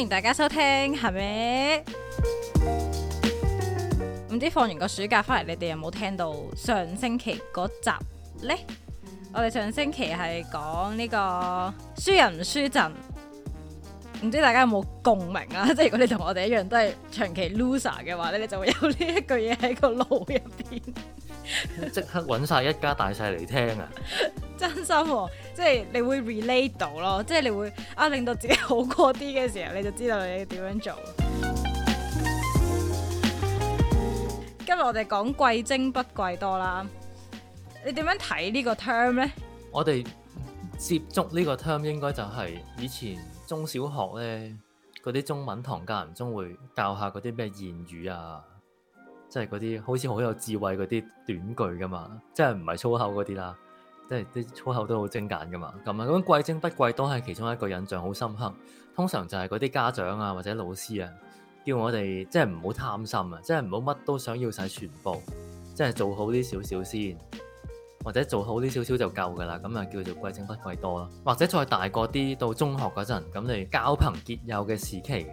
歡迎大家收聽，係咪？唔知放完個暑假翻嚟，你哋有冇聽到上星期嗰集呢？我哋上星期係講呢個輸人唔輸陣，唔知大家有冇共鳴啊？即係如果你同我哋一樣都係長期 loser 嘅話咧，你就會有呢一句嘢喺個腦入邊。即 刻搵晒一家大細嚟聽啊！ 真心喎、哦。即係你會 relate 到咯，即係你會啊令到自己好過啲嘅時候，你就知道你點樣做。 今日我哋講貴精不貴多啦，你點樣睇呢個 term 咧？我哋接觸呢個 term 應該就係以前中小學咧嗰啲中文堂間中會教下嗰啲咩言語啊，即係嗰啲好似好有智慧嗰啲短句噶嘛，即係唔係粗口嗰啲啦。即係啲粗口都好精簡㗎嘛，咁啊咁貴精不貴多係其中一個印象好深刻。通常就係嗰啲家長啊或者老師啊，叫我哋即係唔好貪心啊，即係唔好乜都想要晒全部，即係做好啲少少先，或者做好啲少少就夠㗎啦。咁啊叫做貴精不貴多啦。或者再大個啲，到中學嗰陣咁你交朋結友嘅時期，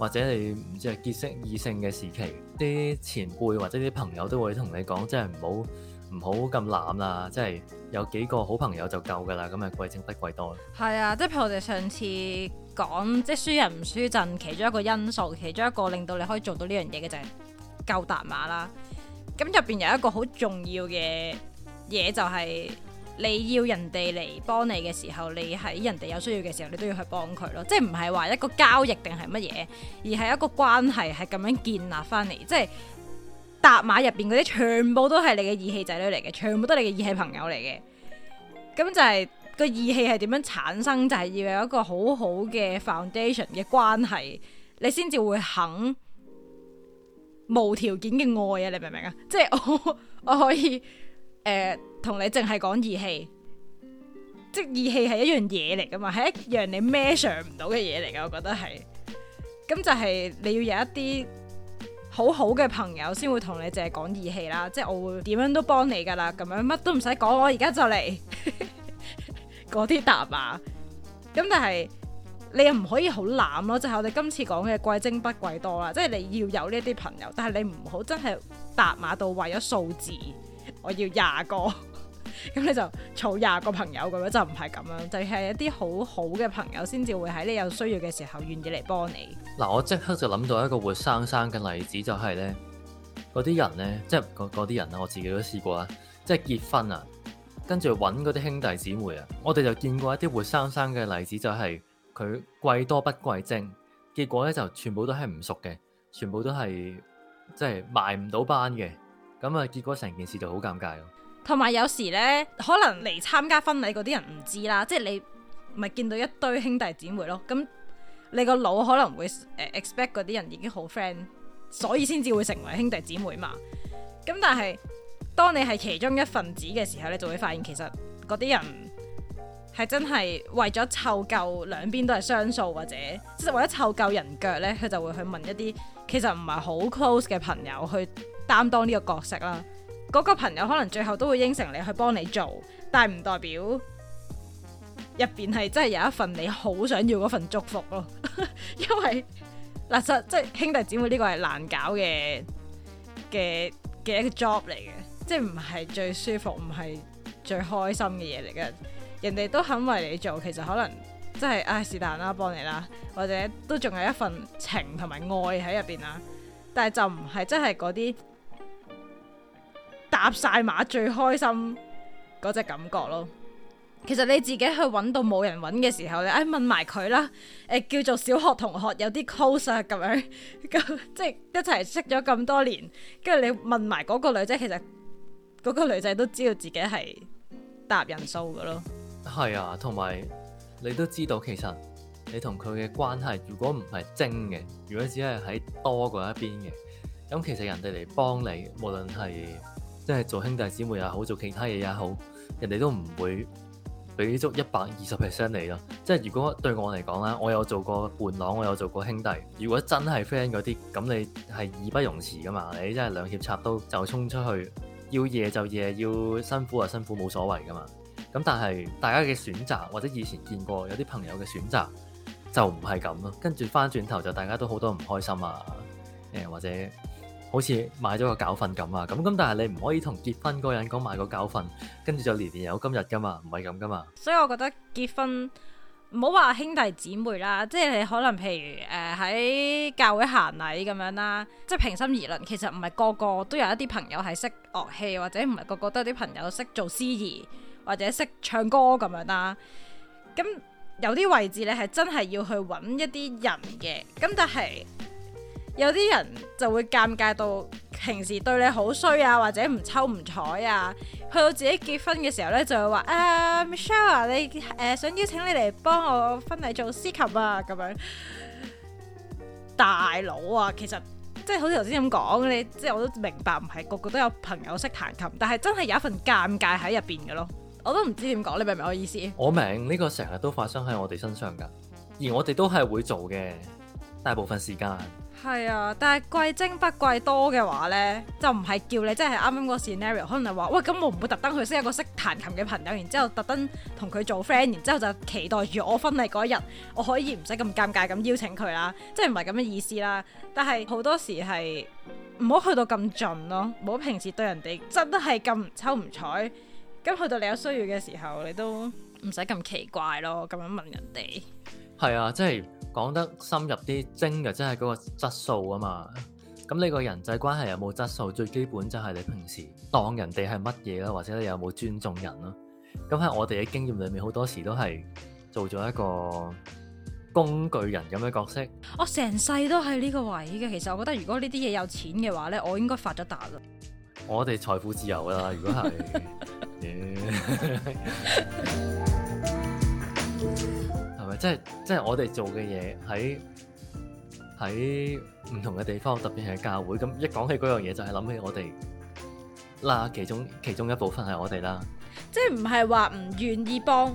或者你唔知係結識異性嘅時期，啲前輩或者啲朋友都會同你講，即係唔好。唔好咁濫啦，即係有幾個好朋友就夠㗎啦，咁咪貴精不貴多。係啊，即係譬如我哋上次講，即係輸人唔輸陣，其中一個因素，其中一個令到你可以做到呢樣嘢嘅就係夠搭馬啦。咁入邊有一個好重要嘅嘢就係、是、你要人哋嚟幫你嘅時候，你喺人哋有需要嘅時候，你都要去幫佢咯。即係唔係話一個交易定係乜嘢，而係一個關係係咁樣建立翻嚟，即係。搭馬入邊嗰啲全部都係你嘅義氣仔女嚟嘅，全部都係你嘅義氣朋友嚟嘅。咁就係、是、個義氣係點樣產生？就係、是、要有一個好好嘅 foundation 嘅關係，你先至會肯無條件嘅愛啊！你明唔明啊？即、就、係、是、我我可以誒同、呃、你淨係講義氣，即、就、係、是、義氣係一樣嘢嚟噶嘛，係一樣你孭上唔到嘅嘢嚟噶。我覺得係，咁就係你要有一啲。好好嘅朋友先會同你淨係講義氣啦，即係我會點樣都幫你噶啦，咁樣乜都唔使講，我而家就嚟嗰啲答馬。咁但係你又唔可以好濫咯，即係我哋今次講嘅貴精不貴多啦，即係你要有呢啲朋友，但係你唔好真係答馬到為咗數字，我要廿個，咁 你就儲廿個朋友咁樣就唔係咁樣，就係一啲好好嘅朋友先至會喺你有需要嘅時候願意嚟幫你。嗱、啊，我即刻就諗到一個活生生嘅例子就呢，就係咧嗰啲人咧，即係嗰啲人啊，我自己都試過啊，即係結婚啊，跟住揾嗰啲兄弟姊妹啊，我哋就見過一啲活生生嘅例子，就係佢貴多不貴精，結果咧就全部都係唔熟嘅，全部都係即係埋唔到班嘅，咁、嗯、啊結果成件事就好尷尬咯。同埋有，有時咧，可能嚟參加婚禮嗰啲人唔知啦，即係你咪見到一堆兄弟姊妹咯，咁。你個腦可能會誒 expect 嗰啲人已經好 friend，所以先至會成為兄弟姊妹嘛。咁但係當你係其中一份子嘅時候，你就會發現其實嗰啲人係真係為咗湊夠兩邊都係雙數或者，即係為咗湊夠人腳呢，佢就會去問一啲其實唔係好 close 嘅朋友去擔當呢個角色啦。嗰個朋友可能最後都會應承你去幫你做，但係唔代表。入邊係真係有一份你好想要嗰份祝福咯， 因為嗱實即係兄弟姊妹呢個係難搞嘅嘅嘅一個 job 嚟嘅，即係唔係最舒服，唔係最開心嘅嘢嚟嘅。人哋都肯為你做，其實可能即係唉是但啦，幫、哎、你啦，或者都仲有一份情同埋愛喺入邊啦。但係就唔係真係嗰啲搭晒馬最開心嗰隻感覺咯。其實你自己去揾到冇人揾嘅時候，你誒問埋佢啦，誒、呃、叫做小學同學有啲 close 啊，咁樣咁即係一齊識咗咁多年，跟住你問埋嗰個女仔，其實嗰個女仔都知道自己係搭人數噶咯。係啊，同埋你都知道，其實你同佢嘅關係如果唔係精嘅，如果只係喺多過一邊嘅，咁其實人哋嚟幫你，無論係即係做兄弟姊妹也好，做其他嘢也好，人哋都唔會。俾足一百二十 percent 你咯，即係如果對我嚟講啦，我有做過伴郎，我有做過兄弟，如果真係 friend 嗰啲，咁你係義不容辭噶嘛？你真係兩脅插刀就衝出去，要夜就夜，要辛苦就辛苦冇所謂噶嘛？咁但係大家嘅選擇，或者以前見過有啲朋友嘅選擇就唔係咁咯，跟住翻轉頭就大家都好多唔開心啊，誒或者。好似買咗個教訓咁啊，咁咁，但係你唔可以同結婚嗰個人講買個教訓，跟住就年年有今日㗎嘛，唔係咁㗎嘛。所以我覺得結婚唔好話兄弟姊妹啦，即係你可能譬如誒喺、呃、教會行禮咁樣啦，即係平心而論，其實唔係個個都有一啲朋友係識樂器，或者唔係個個都有啲朋友識做司儀或者識唱歌咁樣啦。咁有啲位置你係真係要去揾一啲人嘅，咁但係。有啲人就會尷尬到平時對你好衰啊，或者唔抽唔睬啊，去到自己結婚嘅時候咧，就會話啊，Michelle 你誒、uh, 想邀請你嚟幫我婚禮做司琴啊咁樣。 大佬啊，其實即係好似頭先咁講，你即係我都明白，唔係個個都有朋友識彈琴，但係真係有一份尷尬喺入邊嘅咯。我都唔知點講，你明唔明我意思？我明呢個成日都發生喺我哋身上噶，而我哋都係會做嘅。大部分時間係啊，但係貴精不貴多嘅話呢，就唔係叫你即係啱啱個 scenario，可能話喂咁，我唔會特登去識一個識彈琴嘅朋友，然之後特登同佢做 friend，然之後就期待住我婚禮嗰日，我可以唔使咁尷尬咁邀請佢啦，即係唔係咁嘅意思啦。但係好多時係唔好去到咁盡咯，唔好平時對人哋真係咁唔瞅唔睬。咁去到你有需要嘅時候，你都唔使咁奇怪咯，咁樣問人哋係啊，即係。講得深入啲精嘅，即係嗰個質素啊嘛。咁你個人際關係有冇質素？最基本就係你平時當人哋係乜嘢啦，或者你有冇尊重人囉。咁喺我哋嘅經驗裏面，好多時都係做咗一個工具人咁嘅角色。我成世都係呢個位嘅。其實我覺得，如果呢啲嘢有錢嘅話咧，我應該發咗達啦。我哋財富自由啦，如果係。 Yeah. 即係即係我哋做嘅嘢喺喺唔同嘅地方，特別係教會。咁一講起嗰樣嘢，就係、是、諗起我哋嗱，其中其中一部分係我哋啦。即係唔係話唔願意幫，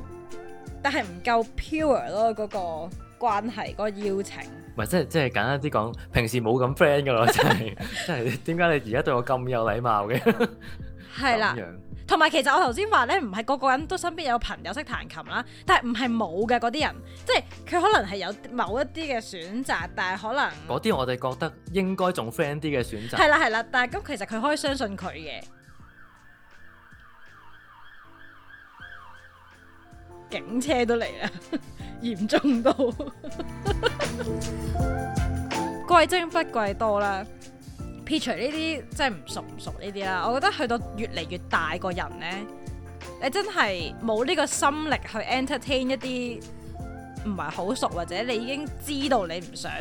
但係唔夠 pure 咯，嗰、嗰個關係，嗰個邀請。唔係，即係即係簡單啲講，平時冇咁 friend 噶咯，就是、 真係即係點解你而家對我咁有禮貌嘅？係、 嗯、啦。同埋，其實我頭先話咧，唔係個個人都身邊有朋友識彈琴啦，但係唔係冇嘅嗰啲人，即係佢可能係有某一啲嘅選擇，但係可能嗰啲我哋覺得應該仲 friend 啲嘅選擇。係啦係啦，但係咁其實佢可以相信佢嘅。警車都嚟啦， 嚴重到 貴精不貴多啦。撇除呢啲真係唔熟唔熟呢啲啦，我覺得去到越嚟越大個人呢，你真係冇呢個心力去 entertain 一啲唔係好熟或者你已經知道你唔想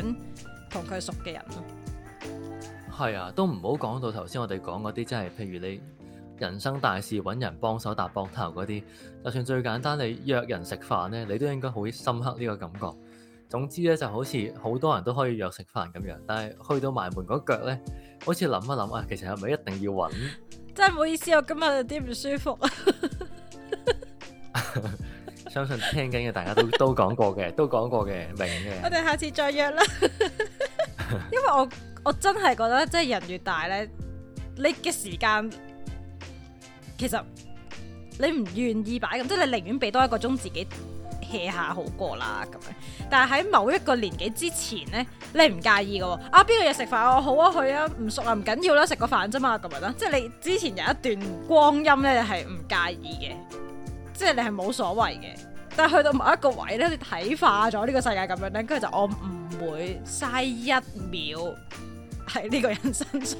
同佢熟嘅人咯。係、嗯、啊，都唔好講到頭先我哋講嗰啲，真係譬如你人生大事揾人幫手搭膊頭嗰啲，就算最簡單你約人食飯呢，你都應該好深刻呢個感覺。總之呢，就好似好多人都可以約食飯咁樣，但係去到埋門嗰腳咧。好似諗一諗啊，其實係咪一定要揾？真係唔好意思，我今日有啲唔舒服。 相信聽緊嘅大家都都講過嘅，都講過嘅 明嘅。我哋下次再約啦。 因為我我真係覺得，即係人越大咧，你嘅時間其實你唔願意擺咁，即係你寧願俾多一個鐘自己。hea 下好過啦咁樣，但係喺某一個年紀之前呢，你唔介意嘅，啊邊個嘢食飯啊好啊去啊唔熟啊唔緊要啦，食個飯啫嘛咁樣，即係你之前有一段光陰呢，你係唔介意嘅，即係你係冇所謂嘅，但係去到某一個位呢，你睇化咗呢個世界咁樣呢，跟住就我唔會嘥一秒。喺呢個人身上，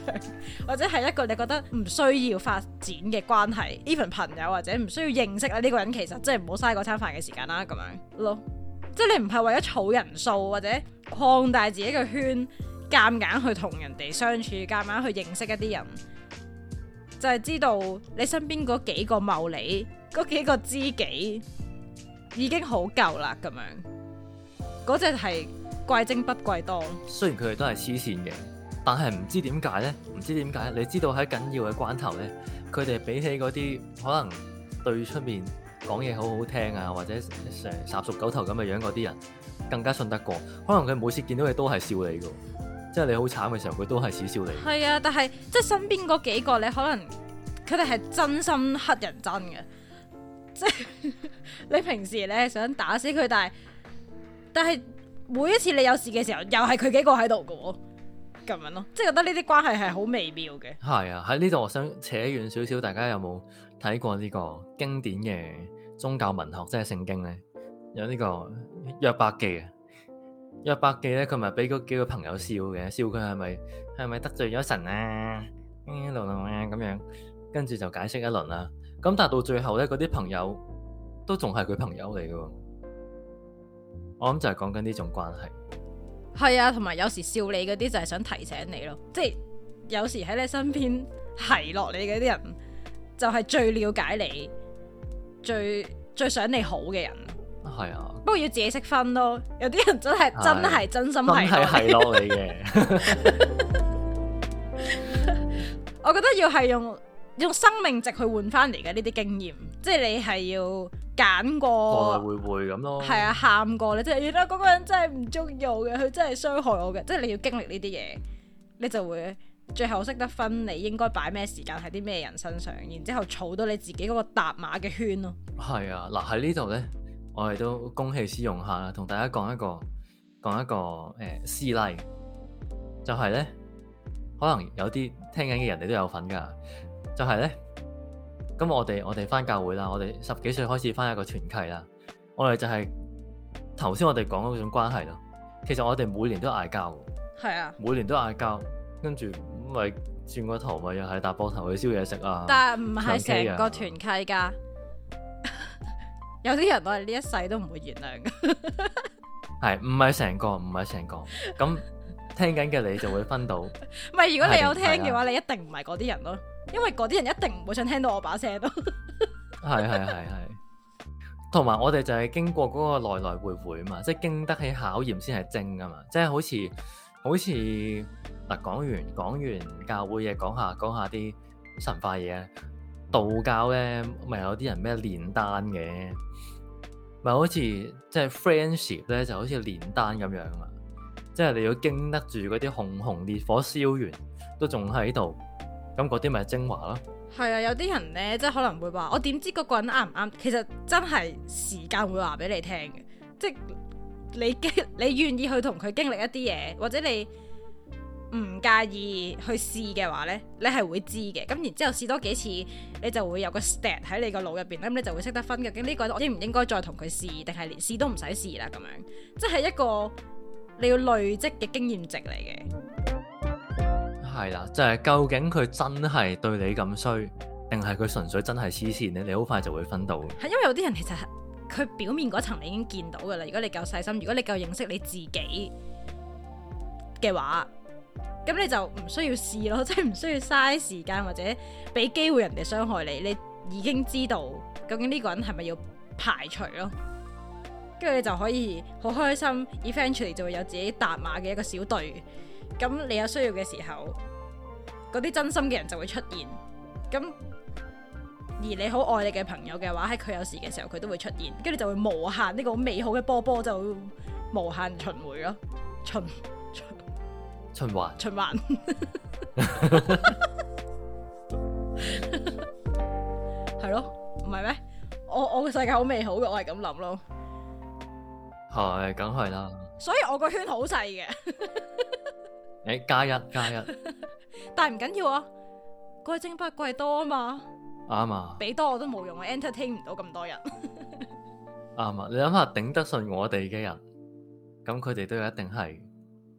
或者係一個你覺得唔需要發展嘅關係，even 朋友或者唔需要認識啦。呢、這個人其實真係唔好嘥個餐飯嘅時間啦，咁樣咯。即係你唔係為咗儲人數或者擴大自己嘅圈，夾硬去同人哋相處，夾硬去認識一啲人，就係、是、知道你身邊嗰幾個莫逆，嗰幾個知己已經好夠啦。咁樣嗰只係貴精不貴多。雖然佢哋都係黐線嘅。但係唔知點解咧？唔知點解？你知道喺緊要嘅關頭咧，佢哋比起嗰啲可能對出面講嘢好好聽啊，或者誒十俗狗頭咁嘅樣嗰啲人，更加信得過。可能佢每次見到你都係笑你嘅，即係你好慘嘅時候，佢都係恥笑你。係啊，但係即係身邊嗰幾個，你可能佢哋係真心乞人憎嘅，即係 你平時咧想打死佢，但係但係每一次你有事嘅時候，又係佢幾個喺度嘅喎。咁樣咯，即係覺得呢啲關係係好微妙嘅。係啊，喺呢度我想扯遠少少，大家有冇睇過呢個經典嘅宗教文學，即係聖經咧？有呢個約伯記啊，約伯記咧，佢咪俾嗰幾個朋友笑嘅，笑佢係咪係咪得罪咗神啊？嗯，咁樣跟住就解釋一輪啦。咁但係到最後咧，嗰啲朋友都仲係佢朋友嚟嘅。我諗就係講緊呢種關係。係啊，同埋有，有時笑你嗰啲就係想提醒你咯，即係有時喺你身邊係落你嗰啲人，就係、係、最了解你、最最想你好嘅人。係啊，不過要自己識分咯，有啲人真係真係真心係係落你嘅，啊。你 我覺得要係用用生命值去換翻嚟嘅呢啲經驗，即係你係要。揀過，來來回回咁咯。係啊，喊過咧，即係原來嗰個人真係唔鍾意我嘅，佢真係傷害我嘅。即係你要經歷呢啲嘢，你就會最後識得分，你應該擺咩時間喺啲咩人身上，然之後儲到你自己嗰個搭馬嘅圈咯。係啊，嗱喺呢度咧，我哋都公器私用下啦，同大家講一個講一個誒師奶，呃 C、like, 就係咧，可能有啲聽緊嘅人哋都有份㗎，就係、是、咧。咁我哋我哋翻教會啦，我哋十幾歲開始翻一個團契啦，我哋就係頭先我哋講嗰種關係咯。其實我哋每年都嗌交，係啊，每年都嗌交，跟住咪轉個頭咪又係搭膊頭去燒嘢食啊。但係唔係成個團契噶， 有啲人我哋呢一世都唔會原諒噶。係唔係成個？唔係成個？咁聽緊嘅你就會分到。咪 如果你有聽嘅話，啊、你一定唔係嗰啲人咯。因為嗰啲人一定唔會想聽到我把聲咯。係係係係，同埋我哋就係經過嗰個來來回回啊嘛，即係經得起考驗先係正㗎嘛。即係好似好似嗱，講完講完教會嘢，講下講下啲神化嘢，道教咧咪有啲人咩煉丹嘅，咪好似即係 friendship 咧就好似煉丹咁樣啊，即係你要經得住嗰啲熊熊烈火燒完都仲喺度。咁嗰啲咪精華啦。係啊，有啲人咧，即係可能會話：我點知嗰個人啱唔啱？其實真係時間會話俾你聽嘅，即係你你願意去同佢經歷一啲嘢，或者你唔介意去試嘅話咧，你係會知嘅。咁然之後試多幾次，你就會有個 stat 喺你個腦入邊，咁你就會識得分究竟呢個我應唔應該再同佢試，定係連試都唔使試啦。咁樣即係一個你要累積嘅經驗值嚟嘅。係啦，就係、是、究竟佢真係對你咁衰，定係佢純粹真係痴線咧？你好快就會分到。係因為有啲人其實係佢表面嗰層你已經見到噶啦。如果你夠細心，如果你夠認識你自己嘅話，咁你就唔需要試咯，即係唔需要嘥時間或者俾機會人哋傷害你。你已經知道究竟呢個人係咪要排除咯，跟住你就可以好開心，eventually 就會有自己搭馬嘅一個小隊。咁你有需要嘅時候，嗰啲真心嘅人就會出現。咁而你好愛你嘅朋友嘅話，喺佢有事嘅時候，佢都會出現。跟住就會無限呢個美好嘅波波就無限循環咯，循循循環循環係咯，唔係咩？我我個世界好美好嘅，我係咁諗咯。係，梗係啦。所以我個圈好細嘅。誒，加一加一， 但係唔緊要啊，貴精不貴多啊嘛，啱啊，俾多我都冇用啊，entertain 唔到咁多人，啱 啊，你諗下頂得順我哋嘅人，咁佢哋都一定係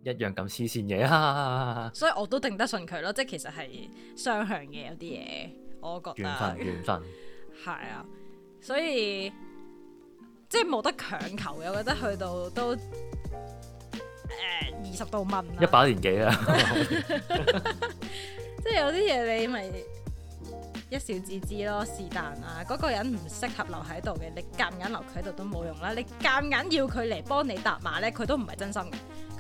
一樣咁黐線嘢啊，所以我都頂得順佢咯，即係其實係雙向嘅，有啲嘢，我覺得緣分緣分係啊，所以即係冇得強求嘅，我覺得去到都。誒二十度蚊，一百年幾啦， 即係有啲嘢你咪一笑置之咯，是但啊，嗰、嗰個人唔適合留喺度嘅，你夾硬，硬留佢喺度都冇用啦。你夾硬，硬要佢嚟幫你搭馬咧，佢都唔係真心嘅。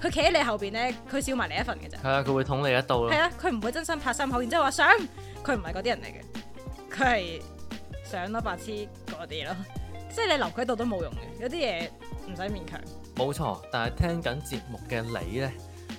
佢企喺你後邊咧，佢少埋你一份嘅啫。係啊，佢會捅你一刀咯。係啊，佢唔會真心拍心口，然之後話想，佢唔係嗰啲人嚟嘅。佢係想攞白痴嗰啲咯。即係你留佢喺度都冇用嘅，有啲嘢唔使勉強。冇錯，但係聽緊節目嘅你呢，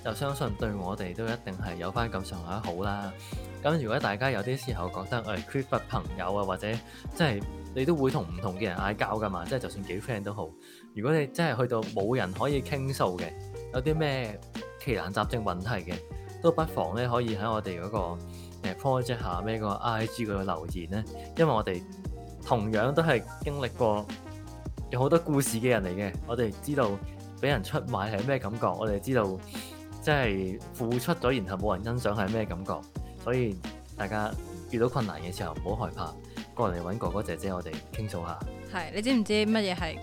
就相信對我哋都一定係有翻咁上下好啦。咁如果大家有啲時候覺得我哋缺乏朋友啊，或者即係你都會同唔同嘅人嗌交㗎嘛，即係就算幾 friend 都好。如果你真係去到冇人可以傾訴嘅，有啲咩奇難雜症問題嘅，都不妨呢可以喺我哋嗰個 project 下咩個 IG 嗰度留言呢。因為我哋同樣都係經歷過。有好多故事嘅人嚟嘅，我哋知道俾人出賣係咩感覺，我哋知道即係付出咗，然後冇人欣賞係咩感覺，所以大家遇到困難嘅時候唔好害怕，過嚟揾哥哥姐姐，我哋傾訴下。係，你知唔知乜嘢係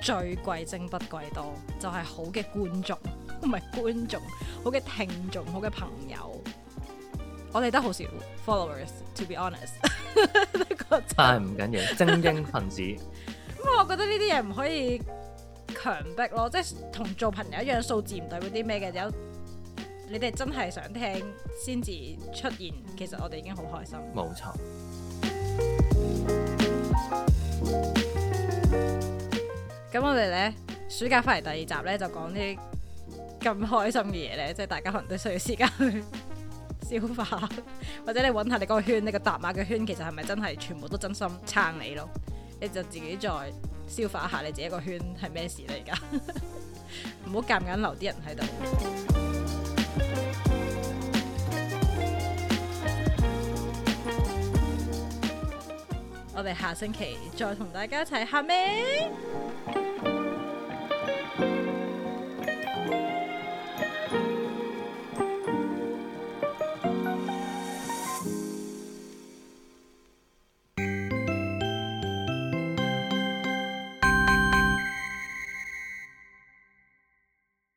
最貴精不貴多？就係、是、好嘅觀眾，唔係觀眾，好嘅聽眾，好嘅朋友。我哋都好少 followers，to be honest。 但係唔緊要，精英分子。我覺得呢啲嘢唔可以強迫咯，即係同做朋友一樣，數字唔代表啲咩嘅。有你哋真係想聽，先至出現，其實我哋已經好開心。冇錯。咁我哋咧，暑假翻嚟第二集咧，就講啲咁開心嘅嘢咧，即係大家可能都需要時間去消化，或者你搵下你嗰個圈，你個搭碼嘅圈，其實係咪真係全部都真心撐你咯？你就自己再。消化下你自己個圈係咩事嚟㗎？唔好夾硬留啲人喺度。 我哋下星期再同大家一齊喊咩？